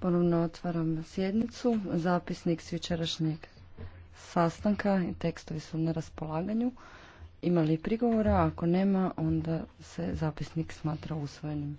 Ponovno otvaram sjednicu. Zapisnik s jučerašnjeg sastanka i tekstovi su na raspolaganju. Ima li prigovora? Ako nema, onda se zapisnik smatra usvojenim.